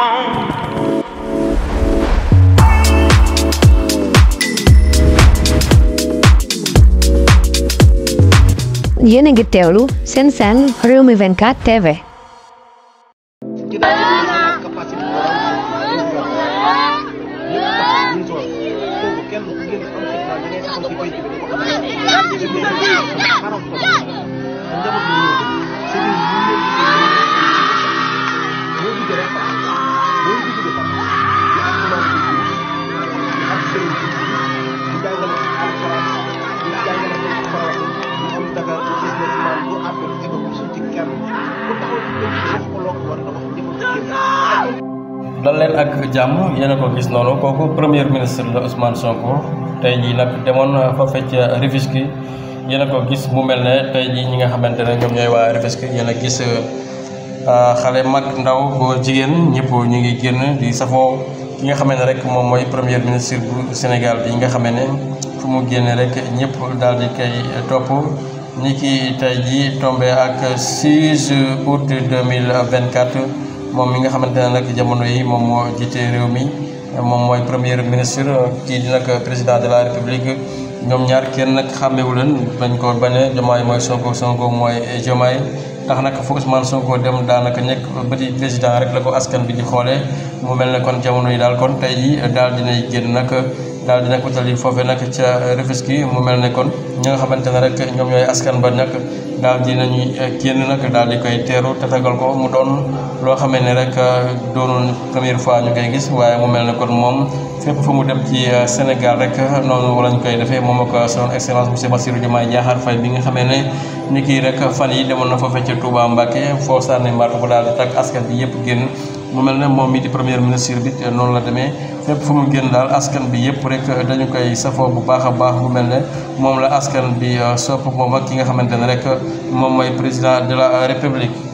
want. Yene gitelu sen sen rio mi TV. dal leen ak jàmm yéen a ko gis noonu kooku premier ministre la Ousmane Sonko tey jii nag demoon fa fecc Rufisque yéen a ko gis mu mel ne tey jii ñi nga xamante ne ñoom ñooy waa Rufisque yéen a gis euh, xale mag ndaw góor jigéen ñëpp ñu ngi génn di safoo ki nga xamee ne rek moom mooy premier ministre bu Sénégal bi nga xamee ne fu mu génnee rek ñëpp daal di koy topp. ki tey jii tombé ak 6 août 2024 moom mi nga xamante ne nag jamono yi moom moo jiite réew mi moom mooy premier ministre kii di nag président de la république ñoom ñaar kenn nag xàmmewu leen bañ ko bane Diomaye mooy Sonko Sonko mooy Diomaye ndax nag fu Ousmane Sonko dem daanaka nekk bëti président rek la ko askan bi di xoolee mu mel ne kon jamono yi daal kon tey jii daal dinay génn nag. daal di nag utali foofe nag ca Rufisque mu mel ne kon ñi nga xamante ne rek ñoom ñooy askan ba nag daal di nañuy eh, génn nag daal di koy teeru te tagal ko mu doon loo xame ne rek eh, doonul première fois ñu koy gis waaye mu mel ne kon moom fépp fu mu dem ci eh, Sénégal rek noonu lañ koy defee moom soon son excellence monsieur Bassirou Diomaye Diakhar Faye bi nga xamee ne ni kii rek fan yi demoon na foofe ca Touba Mbacké foo sànni mbaatu ko daal di takk askan bi yëpp génn mu mel ne moom mi di première ministre bi noonu la demee fépp fu mu génn daal askan bi yëpp rek euh, dañu koy safoo bu baax a baax mu mel ne moom la askan bi euh, sopp moom ak ki nga xamante ne rek moom mooy président de la euh, république.